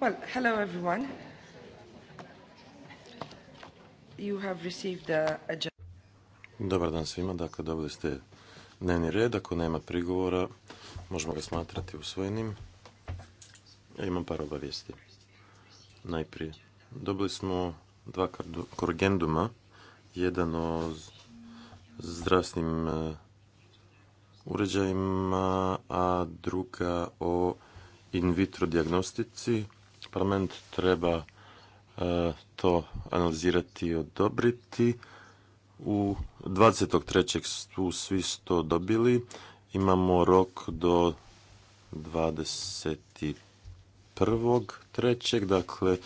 Well, hello everyone. You Dobar dan svima, dakle dobili ste dnevni red, ako nema prigovora možemo ga smatrati usvojenim. Ja imam par obavijesti. Najprije, dobili smo dva korgenduma, jedan o zdravstvenim e, uređajima, a druga o in vitro diagnostici parlament treba e, to analizirati i odobriti. U 23. su svi to dobili. Imamo rok do 21.3. Dakle, e,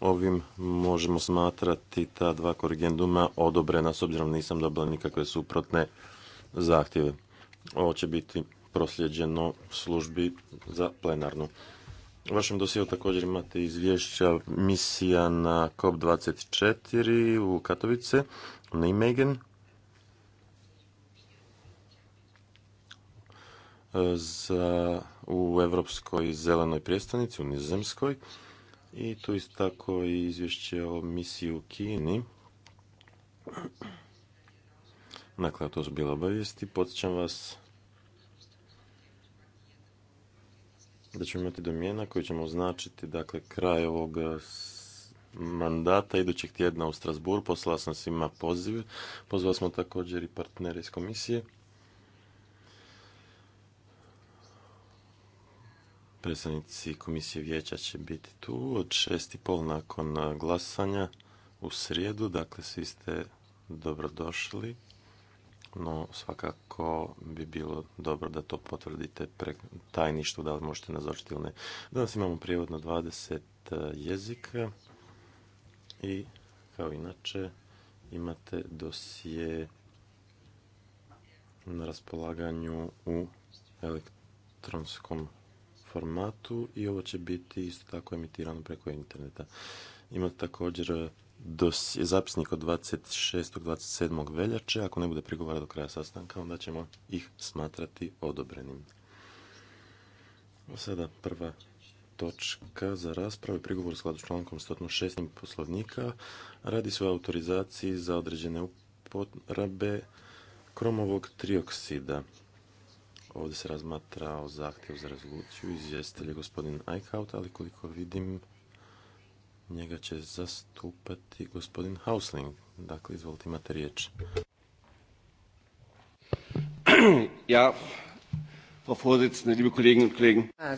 ovim možemo smatrati ta dva korigenduma odobrena, s obzirom nisam dobila nikakve suprotne zahtjeve. Ovo će biti prosljeđeno službi za plenarnu. U vašem dosijelu također imate izvješća misija na COP24 u Katovice, u Nijmegen. Za, u Evropskoj zelenoj prijestanici, u Nizozemskoj. I tu isto tako i izvješće o misiji u Kini. Dakle, to su bile obavijesti. Podsjećam vas da ćemo imati domjena koji ćemo označiti dakle, kraj ovog eh, mandata idućeg tjedna u Strasburu. Poslala sam svima pozive. Pozvali smo također i partnere iz komisije. Predsjednici komisije vijeća će biti tu od šest i pol nakon eh, glasanja u srijedu. Dakle, svi ste dobrodošli no svakako bi bilo dobro da to potvrdite pre tajništvu, da li možete nazočiti ili ne. Danas imamo prijevod na 20 e, jezika i kao inače imate dosije na raspolaganju u elektronskom formatu i ovo će biti isto tako emitirano preko interneta. Imate također dos, je zapisnik od 26. 27. veljače. Ako ne bude prigovara do kraja sastanka, onda ćemo ih smatrati odobrenim. Sada prva točka za raspravu je prigovor u skladu s člankom 106. poslovnika. Radi se o autorizaciji za određene uporabe kromovog trioksida. Ovdje se razmatra o zahtjevu za rezoluciju izvjestitelj je gospodin Eichhout, ali koliko vidim Njega će zastupati gospodin Hausling. Dakle, izvolite, imate riječ. Ja,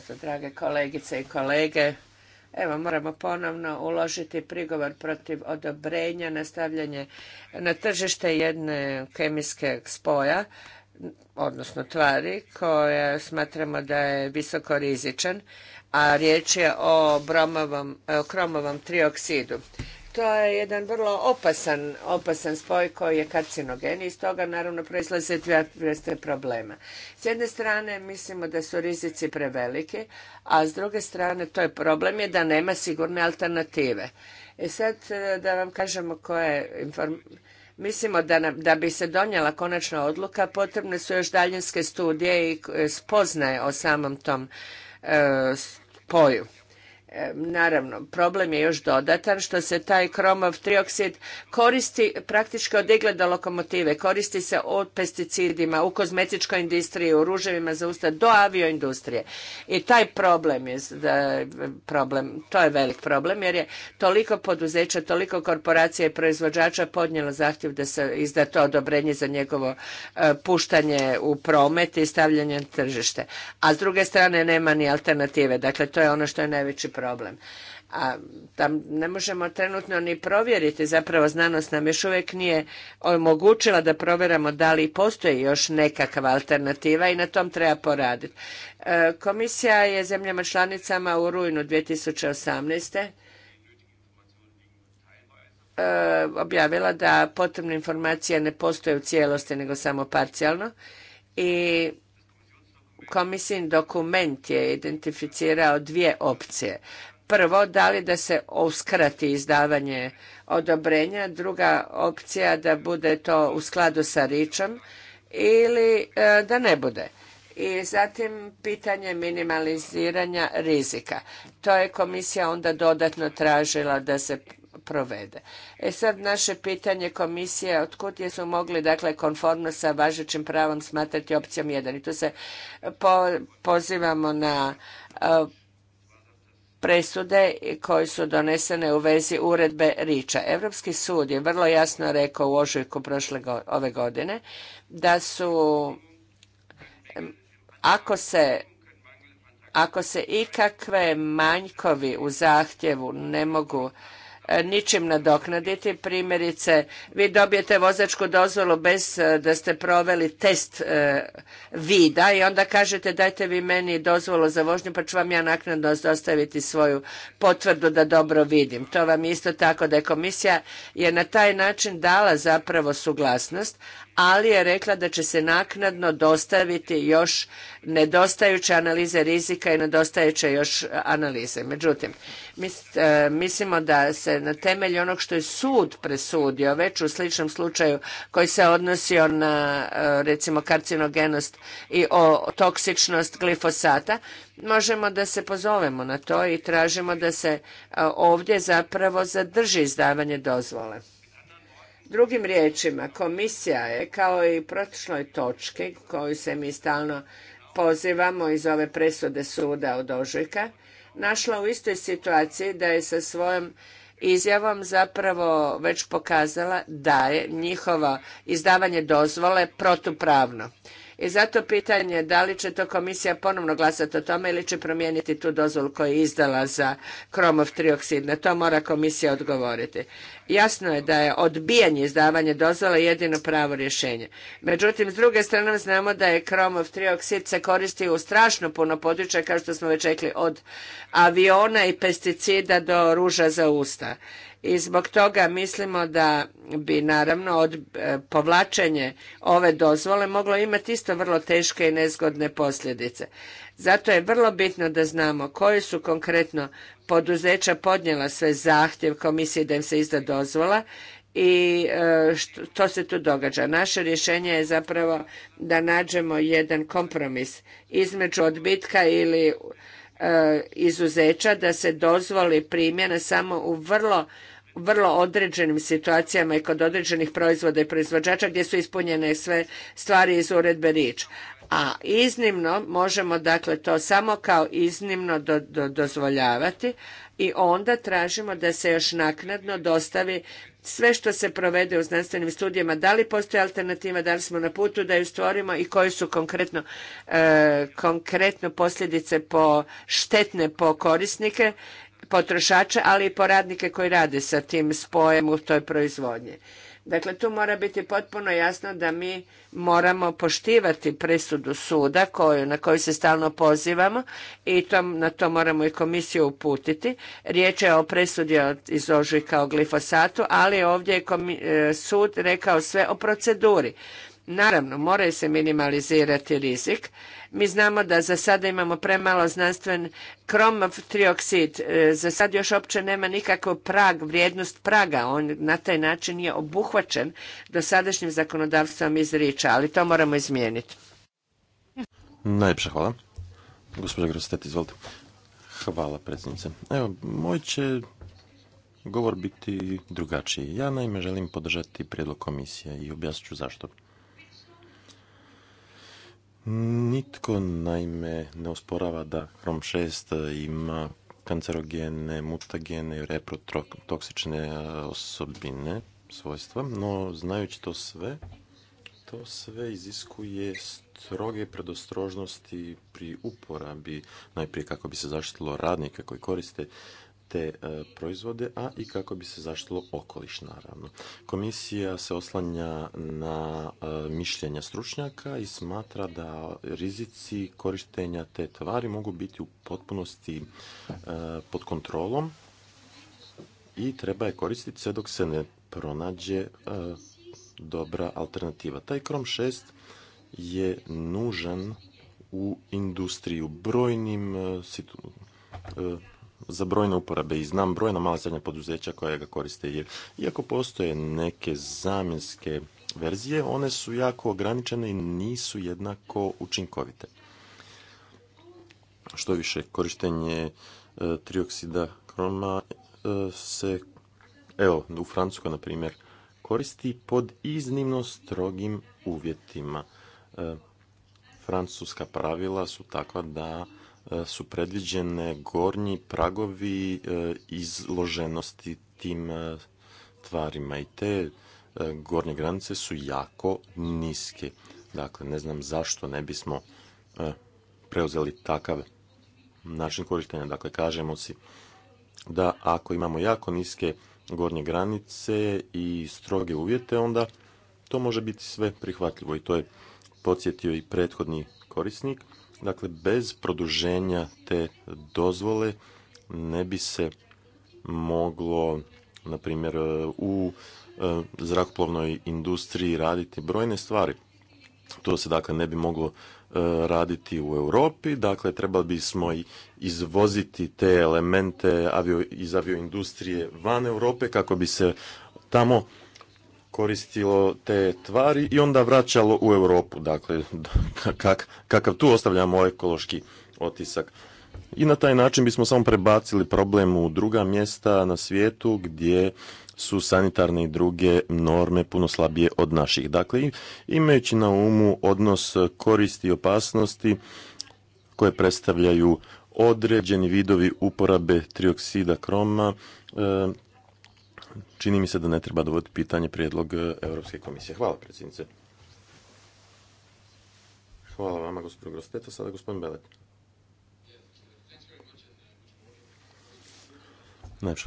Za drage kolegice i kolege, evo moramo ponovno uložiti prigovor protiv odobrenja na stavljanje na tržište jedne kemijske spoja odnosno tvari koje smatramo da je visoko rizičan, a riječ je o, bromovom, kromovom trioksidu. To je jedan vrlo opasan, opasan spoj koji je karcinogen i iz toga naravno proizlaze dvije vrste problema. S jedne strane mislimo da su rizici preveliki, a s druge strane to je problem je da nema sigurne alternative. E sad e, da vam kažemo koje informacije Mislimo da, da bi se donijela konačna odluka potrebne su još daljinske studije i e, spoznaje o samom tom e, spoju. Naravno, problem je još dodatan što se taj kromov trioksid koristi praktički od igle lokomotive, koristi se od pesticidima, u kozmetičkoj industriji, u ruževima za usta, do avioindustrije. I taj problem je, problem, to je velik problem jer je toliko poduzeća, toliko korporacija i proizvođača podnijelo zahtjev da se izda to odobrenje za njegovo e, puštanje u promet i stavljanje na tržište. A s druge strane nema ni alternative, dakle to je ono što je najveći problem problem. A tam ne možemo trenutno ni provjeriti, zapravo znanost nam još uvijek nije omogućila da provjeramo da li postoji još nekakva alternativa i na tom treba poraditi. E, komisija je zemljama članicama u rujnu 2018 e, objavila da potrebne informacije ne postoje u cijelosti nego samo parcijalno i komisijin dokument je identificirao dvije opcije. Prvo, da li da se uskrati izdavanje odobrenja, druga opcija da bude to u skladu sa ričom ili e, da ne bude. I zatim pitanje minimaliziranja rizika. To je komisija onda dodatno tražila da se provede. E sad naše pitanje komisije otkud je su mogli dakle konformno sa važećim pravom smatrati opcijom 1 i tu se pozivamo na e, presude koje su donesene u vezi uredbe Riča. Europski sud je vrlo jasno rekao u ožujku prošle ove godine da su ako se ako se ikakve manjkovi u zahtjevu ne mogu E, ničim nadoknaditi. Primjerice, vi dobijete vozačku dozvolu bez e, da ste proveli test e, vida i onda kažete dajte vi meni dozvolu za vožnju pa ću vam ja naknadno dostaviti svoju potvrdu da dobro vidim. To vam isto tako da je komisija je na taj način dala zapravo suglasnost, ali je rekla da će se naknadno dostaviti još nedostajuće analize rizika i nedostajuće još analize. Međutim, e, mislimo da se na temelju onog što je sud presudio, već u sličnom slučaju koji se odnosio na e, recimo karcinogenost i o toksičnost glifosata, možemo da se pozovemo na to i tražimo da se e, ovdje zapravo zadrži izdavanje dozvole. Drugim riječima, komisija je kao i prošloj točki koju se mi stalno pozivamo iz ove presude suda od ožujka, našla u istoj situaciji da je sa svojom izjavom zapravo već pokazala da je njihovo izdavanje dozvole protupravno. I zato pitanje da li će to komisija ponovno glasati o tome ili će promijeniti tu dozvolu koju je izdala za kromov trioksid. Na to mora komisija odgovoriti. Jasno je da je odbijanje izdavanja dozvola jedino pravo rješenje. Međutim, s druge strane znamo da je kromov trioksid se koristi u strašno puno područja, kao što smo već rekli, od aviona i pesticida do ruža za usta i zbog toga mislimo da bi naravno od e, povlačenje ove dozvole moglo imati isto vrlo teške i nezgodne posljedice. Zato je vrlo bitno da znamo koje su konkretno poduzeća podnijela sve zahtjev komisije da im se izda dozvola i e, što se tu događa. Naše rješenje je zapravo da nađemo jedan kompromis između odbitka ili e, izuzeća da se dozvoli primjena samo u vrlo vrlo određenim situacijama i kod određenih proizvoda i proizvođača gdje su ispunjene sve stvari iz uredbe rič. A iznimno možemo dakle to samo kao iznimno dozvoljavati i onda tražimo da se još naknadno dostavi sve što se provede u znanstvenim studijama, da li postoji alternativa, da li smo na putu da ju stvorimo i koje su konkretno, e, konkretno posljedice po štetne po korisnike potrošače, ali i po radnike koji rade sa tim spojem u toj proizvodnji. Dakle, tu mora biti potpuno jasno da mi moramo poštivati presudu suda koju, na koju se stalno pozivamo i to, na to moramo i komisiju uputiti. Riječ je o presudi iz ožujka o glifosatu, ali ovdje je e, sud rekao sve o proceduri. Naravno, moraju se minimalizirati rizik. Mi znamo da za sada imamo premalo znanstven kromov trioksid. E, za sad još uopće nema nikakav prag, vrijednost praga. On na taj način je obuhvaćen sadašnjim zakonodavstvom iz riča, ali to moramo izmijeniti. Najljepša hvala. Gospodin Grostet, izvolite. Hvala, predsjednice. Evo, moj će govor biti drugačiji. Ja naime želim podržati prijedlog komisije i objasnit ću zašto. Nitko naime ne osporava da Chrome 6 ima kancerogene, mutagene i reprotoksične osobine, svojstva, no znajući to sve, to sve iziskuje stroge predostrožnosti pri uporabi, najprije kako bi se zaštitilo radnike koji koriste te e, proizvode, a i kako bi se zaštilo okoliš, naravno. Komisija se oslanja na e, mišljenja stručnjaka i smatra da rizici korištenja te tvari mogu biti u potpunosti e, pod kontrolom i treba je koristiti sve dok se ne pronađe dobra alternativa. Taj krom 6 je nužan u industriju brojnim situ za brojne uporabe i znam brojna mala srednja poduzeća koja ga koriste. Jer, iako postoje neke zamjenske verzije, one su jako ograničene i nisu jednako učinkovite. Što više, korištenje e, trioksida kroma e, se, evo, u Francuskoj, na primjer, koristi pod iznimno strogim uvjetima. E, francuska pravila su takva da E, su predviđene gornji pragovi e, izloženosti tim e, tvarima i te gornje granice su jako niske. Dakle, ne znam zašto ne bismo preuzeli takav način korištenja. Dakle, kažemo si da ako imamo jako niske gornje granice i stroge uvjete, onda to može biti sve prihvatljivo i to je podsjetio i prethodni korisnik. Dakle, bez produženja te dozvole ne bi se moglo, na primjer, u e, zrakoplovnoj industriji raditi brojne stvari. To se dakle ne bi moglo e, raditi u Europi, dakle trebali bismo izvoziti te elemente iz avioindustrije van Europe kako bi se tamo koristilo te tvari i onda vraćalo u Europu. Dakle, kakav tu ostavljamo ekološki otisak. I na taj način bismo samo prebacili problem u druga mjesta na svijetu gdje su sanitarne i druge norme puno slabije od naših. Dakle, imajući na umu odnos koristi i opasnosti koje predstavljaju određeni vidovi uporabe trioksida kroma, e, čini mi se da ne treba dovoditi pitanje prijedlog e, Europske komisije. Hvala, predsjednice. Hvala vama, gospodin Grosteto. Sada gospodin Belek.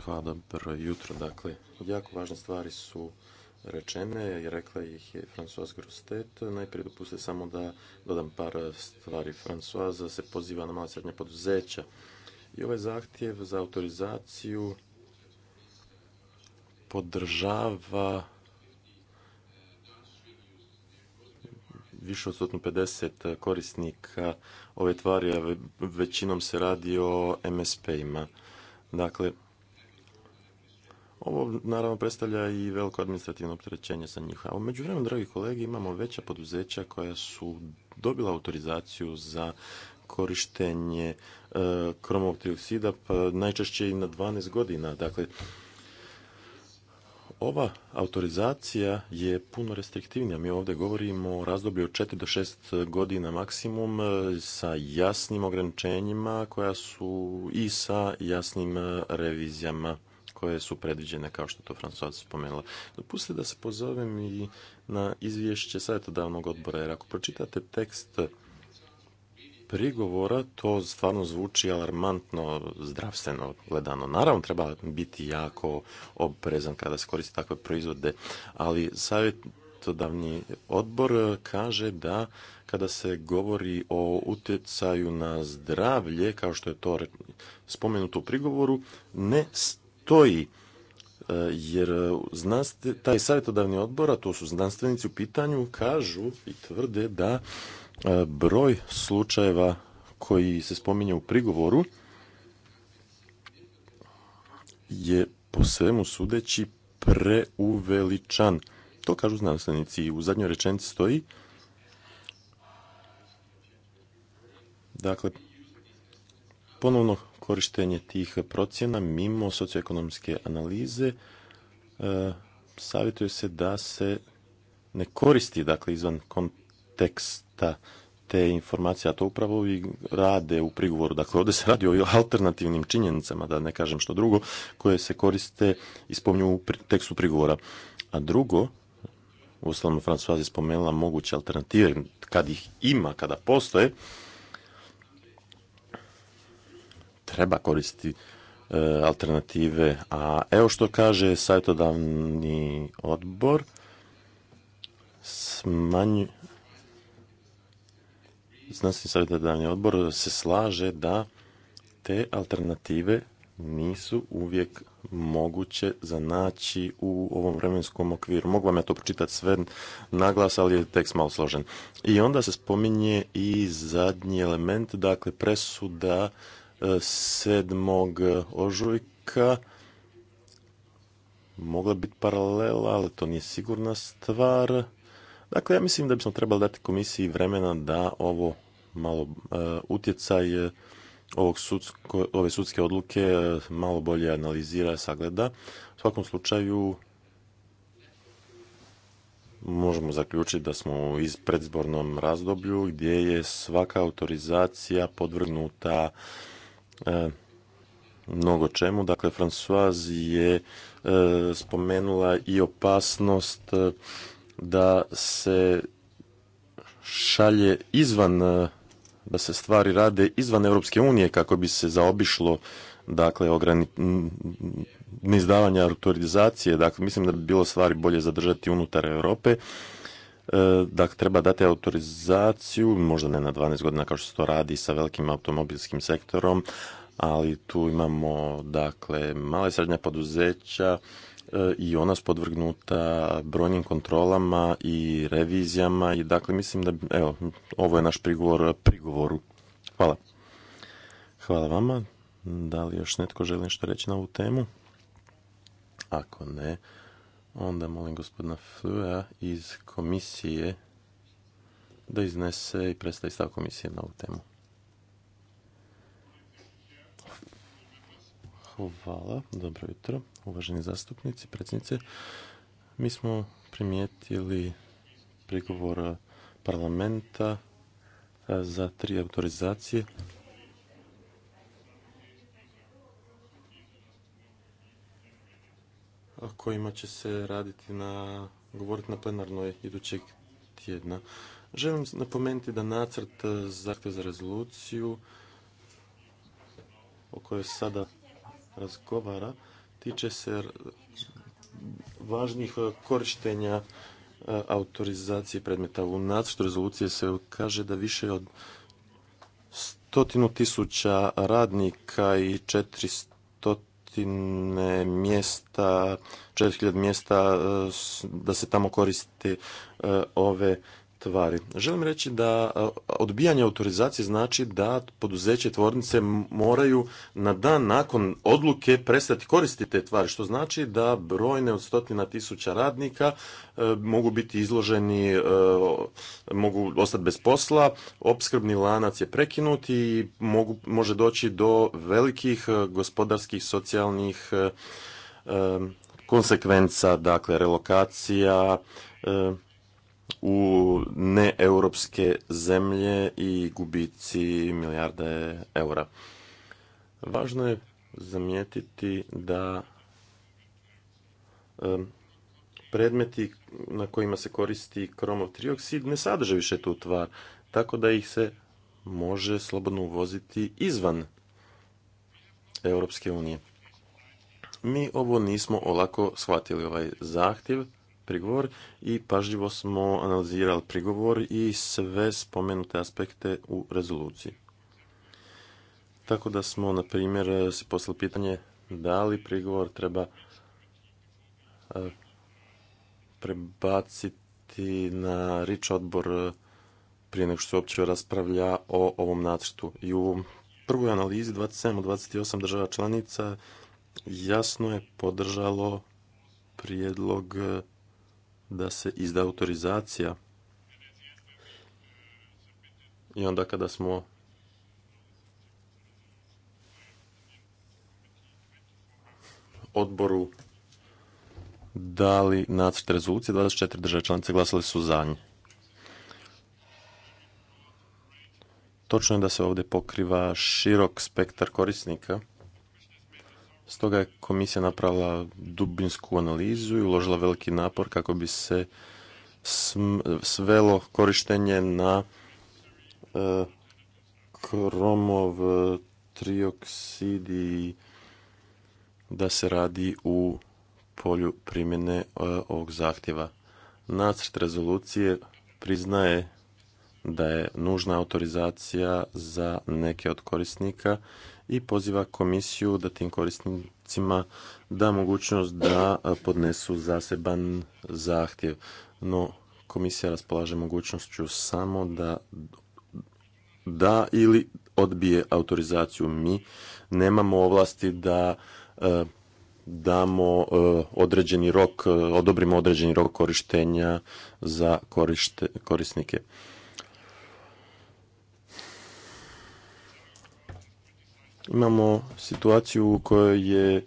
hvala, dobro jutro. Dakle, jako važne stvari su rečene je rekla ih je François Grostet. Najprije dopustite samo da dodam par stvari. Françoise se poziva na malo srednje poduzeća i ovaj zahtjev za autorizaciju podržava više od 150 korisnika ove tvari, a većinom se radi o MSP-ima. Dakle, ovo naravno predstavlja i veliko administrativno opterećenje sa njih. A među vremenom, dragi kolegi, imamo veća poduzeća koja su dobila autorizaciju za korištenje e, trioksida, pa najčešće i na 12 godina. Dakle, ova autorizacija je puno restriktivnija. Mi ovdje govorimo o razdoblju od 4 do 6 godina maksimum e, sa jasnim ograničenjima koja su i sa jasnim e, revizijama koje su predviđene, kao što to François spomenula. Dopustite da se pozovem i na izvješće savjetodavnog odbora, jer ako pročitate tekst prigovora, to stvarno zvuči alarmantno zdravstveno gledano. Naravno, treba biti jako oprezan kada se koriste takve proizvode, ali savjetodavni odbor kaže da kada se govori o utjecaju na zdravlje, kao što je to spomenuto u prigovoru, ne stoji e, jer taj savjetodavni odbor, a to su znanstvenici u pitanju, kažu i tvrde da E, broj slučajeva koji se spominje u prigovoru je po svemu sudeći preuveličan. To kažu znanstvenici i u zadnjoj rečenici stoji Dakle, ponovno korištenje tih procjena mimo socioekonomske analize e, savjetuje se da se ne koristi dakle izvan konteksta teksta te informacije, a to upravo i rade u prigovoru. Dakle, ovdje se radi o alternativnim činjenicama, da ne kažem što drugo, koje se koriste i spominju u tekstu prigovora. A drugo, u osnovnom Francuazi spomenula moguće alternative, kad ih ima, kada postoje, treba koristiti e, alternative. A evo što kaže savjetodavni odbor, smanjuje znanstveni savjetodavni odbor se slaže da te alternative nisu uvijek moguće za u ovom vremenskom okviru. Mogu vam ja to pročitati sve naglas, ali je tekst malo složen. I onda se spominje i zadnji element, dakle presuda 7. E, ožujka mogla biti paralela, ali to nije sigurna stvar. Dakle, ja mislim da bismo trebali dati komisiji vremena da ovo malo e, utjecaj e, ove sudske odluke e, malo bolje analizira, sagleda. U svakom slučaju možemo zaključiti da smo u predizbornom razdoblju gdje je svaka autorizacija podvrgnuta mnogo čemu. Dakle, Françoise je spomenula i opasnost da se šalje izvan, da se stvari rade izvan Europske unije kako bi se zaobišlo dakle autorizacije, dakle mislim da bi bilo stvari bolje zadržati unutar Europe. Dakle, treba dati autorizaciju, možda ne na 12 godina kao što se to radi sa velikim automobilskim sektorom, ali tu imamo dakle male i srednja poduzeća E, i ona spodvrgnuta podvrgnuta brojnim kontrolama i revizijama i dakle mislim da, evo, ovo je naš prigovor prigovoru. Hvala. Hvala vama. Da li još netko želi nešto reći na ovu temu? Ako ne, onda molim gospodina Flua iz komisije da iznese i predstavi stav komisije na ovu temu. Hvala, dobro jutro, uvaženi zastupnici, predsjednice. Mi smo primijetili prigovor parlamenta e, za tri autorizacije. kojima će se raditi na, govoriti na plenarnoj idućeg tjedna. Želim napomenuti da nacrt zahtjeva za rezoluciju o kojoj sada razgovara tiče se važnih e, korištenja e, autorizacije predmeta. U nacrtu rezolucije se kaže da više od stotinu tisuća radnika i 400 mjesta, 4000 mjesta e, da se tamo koriste ove tvari. Želim reći da odbijanje autorizacije znači da poduzeće tvornice moraju na dan nakon odluke prestati koristiti te tvari, što znači da brojne od stotina tisuća radnika e, mogu biti izloženi, e, mogu ostati bez posla, opskrbni lanac je prekinut i mogu, može doći do velikih e, gospodarskih, socijalnih konsekvenca, dakle relokacija, u neeuropske zemlje i gubici milijarde eura. Važno je zamijetiti da predmeti na kojima se koristi kromov trioksid ne sadrže više tu tvar, tako da ih se može slobodno uvoziti izvan Europske unije. Mi ovo nismo olako shvatili ovaj zahtjev prigovor i pažljivo smo analizirali prigovor i sve spomenute aspekte u rezoluciji. Tako da smo, na primjer, se poslali pitanje da li prigovor treba e, prebaciti na rič odbor e, prije nego što se uopće raspravlja o ovom nacrtu. I u prvoj analizi 27 od 28 država članica jasno je podržalo prijedlog e, da se izda autorizacija i onda kada smo odboru dali nacrt rezolucije, 24 države članice glasale su za nje. Točno je da se ovdje pokriva širok spektar korisnika Stoga je komisija napravila dubinsku analizu i uložila veliki napor kako bi se svelo korištenje na e, kromov e, trioksid i da se radi u polju primjene e, ovog zahtjeva. Nacrt rezolucije priznaje da je nužna autorizacija za neke od korisnika i poziva komisiju da tim korisnicima da mogućnost da podnesu zaseban zahtjev. No, komisija raspolaže mogućnošću samo da da ili odbije autorizaciju. Mi nemamo ovlasti da damo određeni rok, odobrimo određeni rok korištenja za korisnike. imamo situaciju u kojoj je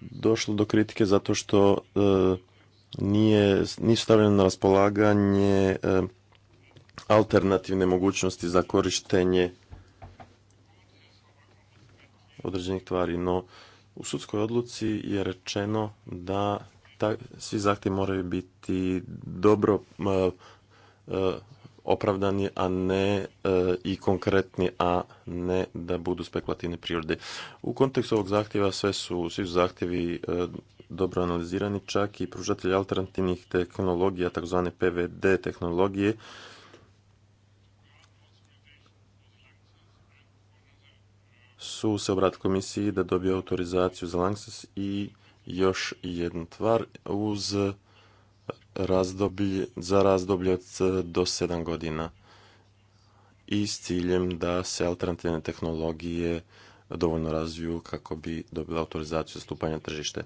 došlo do kritike zato što e, nije, nisu stavljene na raspolaganje e, alternativne mogućnosti za korištenje određenih tvari. No, u sudskoj odluci je rečeno da svi zahtjevi moraju biti dobro e, opravdani, a ne e, i konkretni, a ne da budu spekulativne prirode. U kontekstu ovog zahtjeva sve su, svi su zahtjevi e, dobro analizirani, čak i pružatelji alternativnih tehnologija, takozvane PVD tehnologije, su se obratili komisiji da dobije autorizaciju za Langsys i još jednu tvar uz za razdoblje od e, do 7 godina i s ciljem da se alternativne tehnologije dovoljno razviju kako bi dobila autorizaciju stupanja na tržište.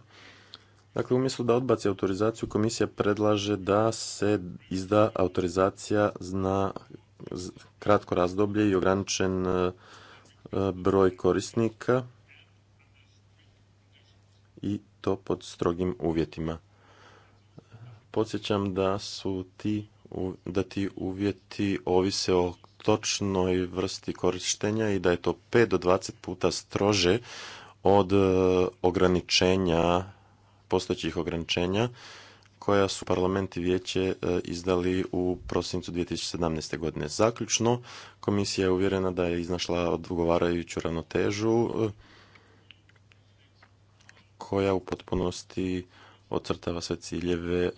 Dakle, umjesto da odbaci autorizaciju, komisija predlaže da se izda autorizacija na kratko razdoblje i ograničen e, e, broj korisnika i to pod strogim uvjetima podsjećam da su ti da ti uvjeti ovise o točnoj vrsti korištenja i da je to 5 do 20 puta strože od e, ograničenja, postojećih ograničenja koja su parlament i vijeće e, izdali u prosincu 2017. godine. Zaključno, komisija je uvjerena da je iznašla odgovarajuću ravnotežu e, koja u potpunosti ocrtava sve ciljeve e,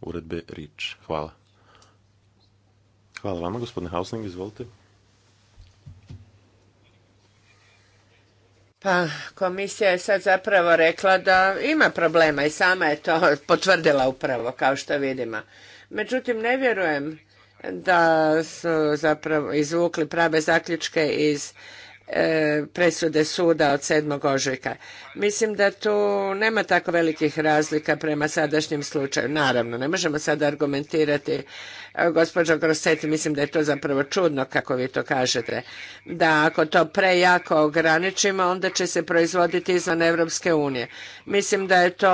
uredbe RIČ. Hvala. Hvala vama, gospodine Hausling, izvolite. Pa, komisija je sad zapravo rekla da ima problema i sama je to potvrdila upravo, kao što vidimo. Međutim, ne vjerujem da su zapravo izvukli prave zaključke iz E, presude suda od 7. ožujka. Mislim da tu nema tako velikih razlika prema sadašnjem slučaju. Naravno, ne možemo sada argumentirati E, gospođo Grosset, mislim da je to zapravo čudno kako vi to kažete, da ako to prejako ograničimo, onda će se proizvoditi izvan Europske unije. Mislim da je to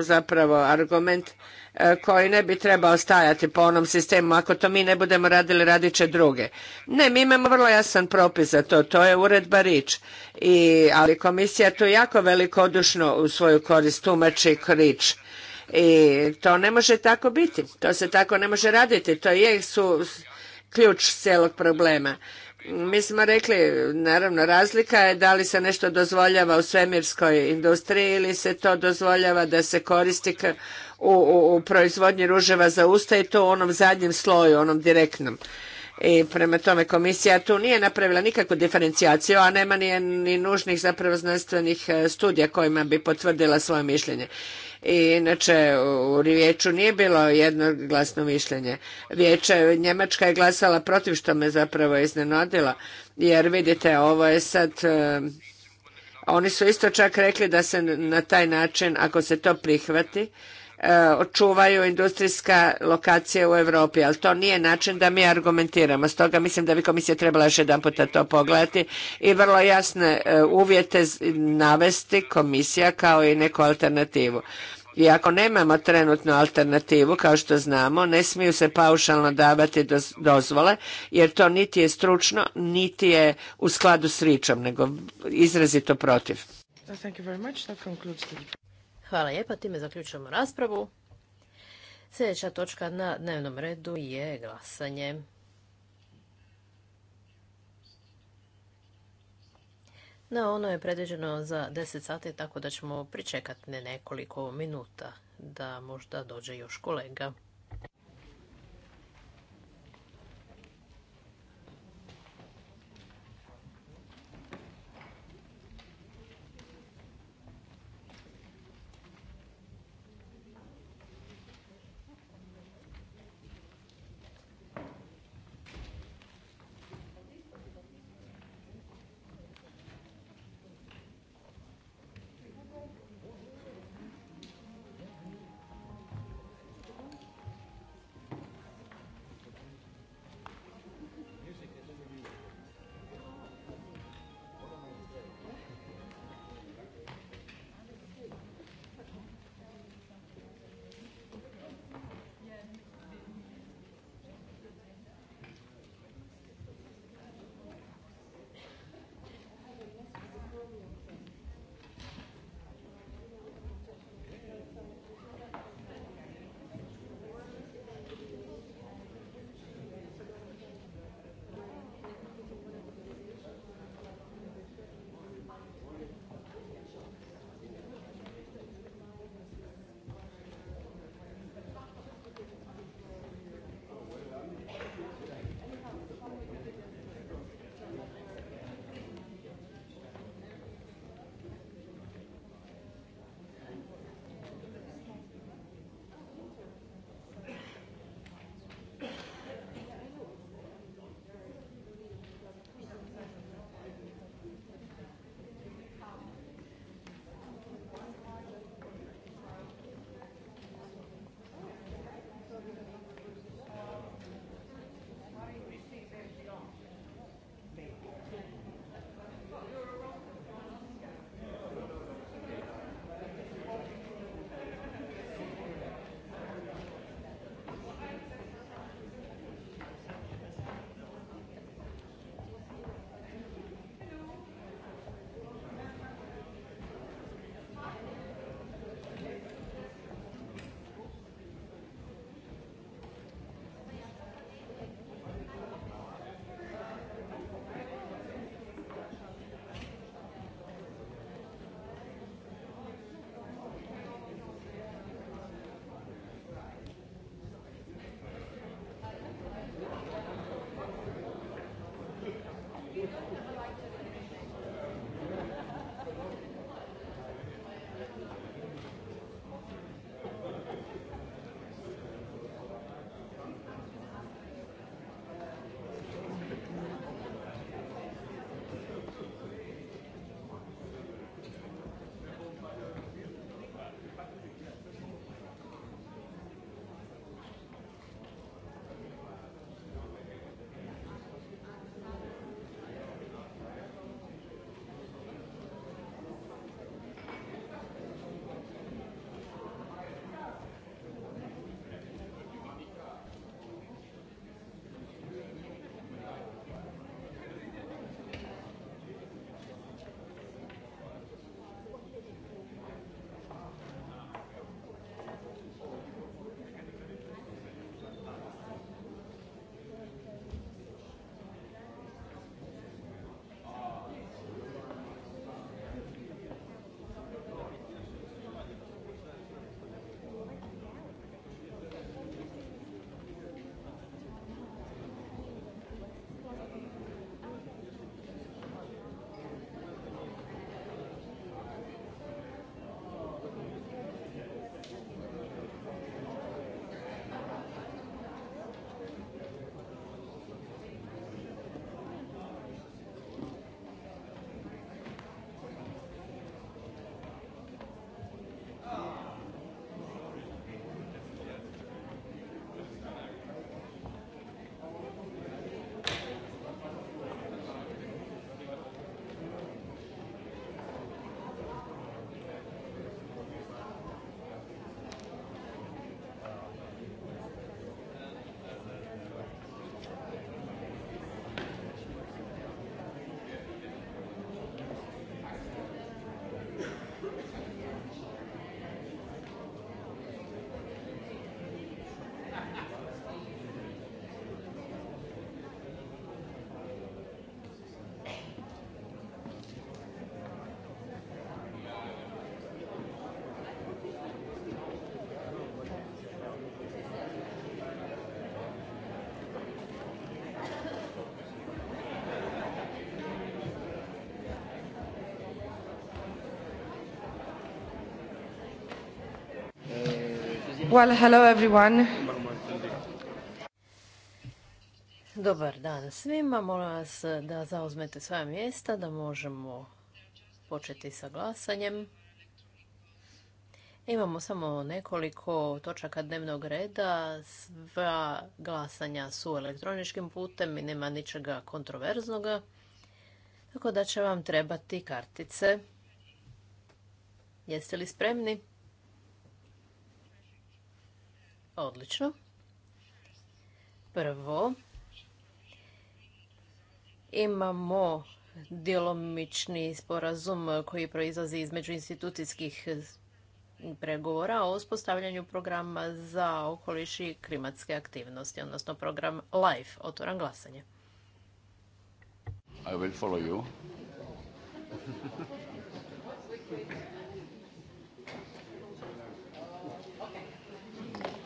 zapravo argument e, koji ne bi trebao stajati po onom sistemu. Ako to mi ne budemo radili, radit će druge. Ne, mi imamo vrlo jasan propis za to. To je uredba Rič. I, ali komisija tu jako velikodušno u svoju korist tumači Rič. I to ne može tako biti. To se tako ne može raditi. To je su ključ cijelog problema. Mi smo rekli, naravno, razlika je da li se nešto dozvoljava u svemirskoj industriji ili se to dozvoljava da se koristi u, proizvodnji ruževa za usta i to u onom zadnjem sloju, onom direktnom. I prema tome komisija tu nije napravila nikakvu diferencijaciju, a nema ni, ni nužnih zapravo znanstvenih e, studija kojima bi potvrdila svoje mišljenje i inače u vijeću nije bilo jednoglasno mišljenje. Vijeće Njemačka je glasala protiv što me zapravo iznenadila jer vidite ovo je sad e, oni su isto čak rekli da se na taj način ako se to prihvati E, očuvaju industrijska lokacija u Europi, ali to nije način da mi argumentiramo. Stoga mislim da bi komisija trebala još jedan puta to pogledati i vrlo jasne e, uvjete navesti komisija kao i neku alternativu. I ako nemamo trenutnu alternativu, kao što znamo, ne smiju se paušalno davati dozvole, jer to niti je stručno, niti je u skladu s ričom, nego izrazito protiv. Hvala lijepa, time zaključujemo raspravu. Sljedeća točka na dnevnom redu je glasanje. Na ono je predviđeno za 10 sati, tako da ćemo pričekati ne nekoliko minuta da možda dođe još kolega. Well, hello everyone. Dobar dan svima. Molim vas da zauzmete svoja mjesta da možemo početi sa glasanjem. Imamo samo nekoliko točaka dnevnog reda. Sva glasanja su elektroničkim putem i nema ničega kontroverznoga. Tako da će vam trebati kartice. Jeste li spremni? Odlično. Prvo, imamo djelomični sporazum koji proizlazi između institucijskih pregovora o uspostavljanju programa za okoliš i klimatske aktivnosti, odnosno program LIFE. Otvoram glasanje. I will follow you.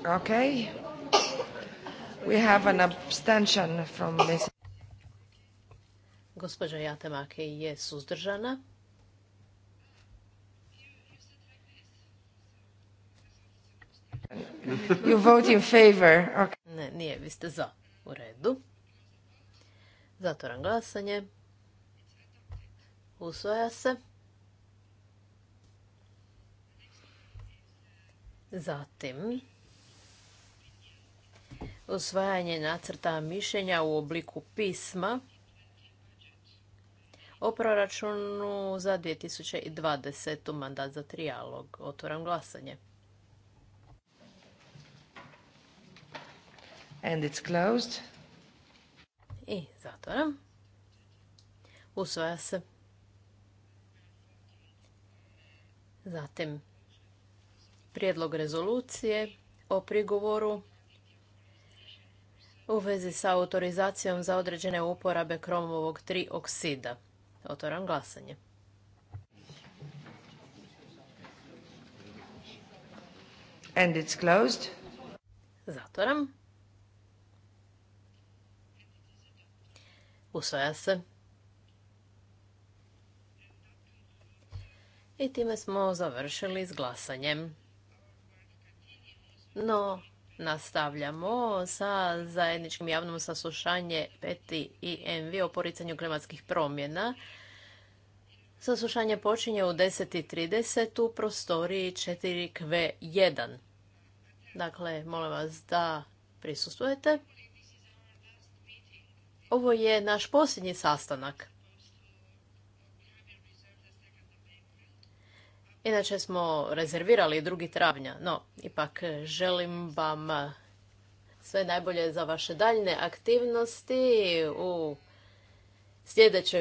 Okay. We have an abstention from this. Gospođa Jatemake je suzdržana. You vote in favor. Okay. Ne, nije, vi ste za. U redu. zatvaram glasanje. Usvaja se. Zatim, osvajanje nacrta mišljenja u obliku pisma o proračunu za 2020. mandat za trijalog. Otvoram glasanje. And it's closed. I zatvoram. Usvaja se. Zatim, prijedlog rezolucije o prigovoru u vezi sa autorizacijom za određene uporabe kromovog trioksida. Otvaram glasanje. And it's closed. Zatvaram. Usvaja se. I time smo završili s glasanjem. No, Nastavljamo sa zajedničkim javnom saslušanje PETI i ENVI o poricanju klimatskih promjena. Saslušanje počinje u 10.30 u prostoriji 4Q1. Dakle, molim vas da prisustujete. Ovo je naš posljednji sastanak. Inače smo rezervirali drugi travnja, no ipak eh, želim vam eh, sve najbolje za vaše daljne aktivnosti u sljedećoj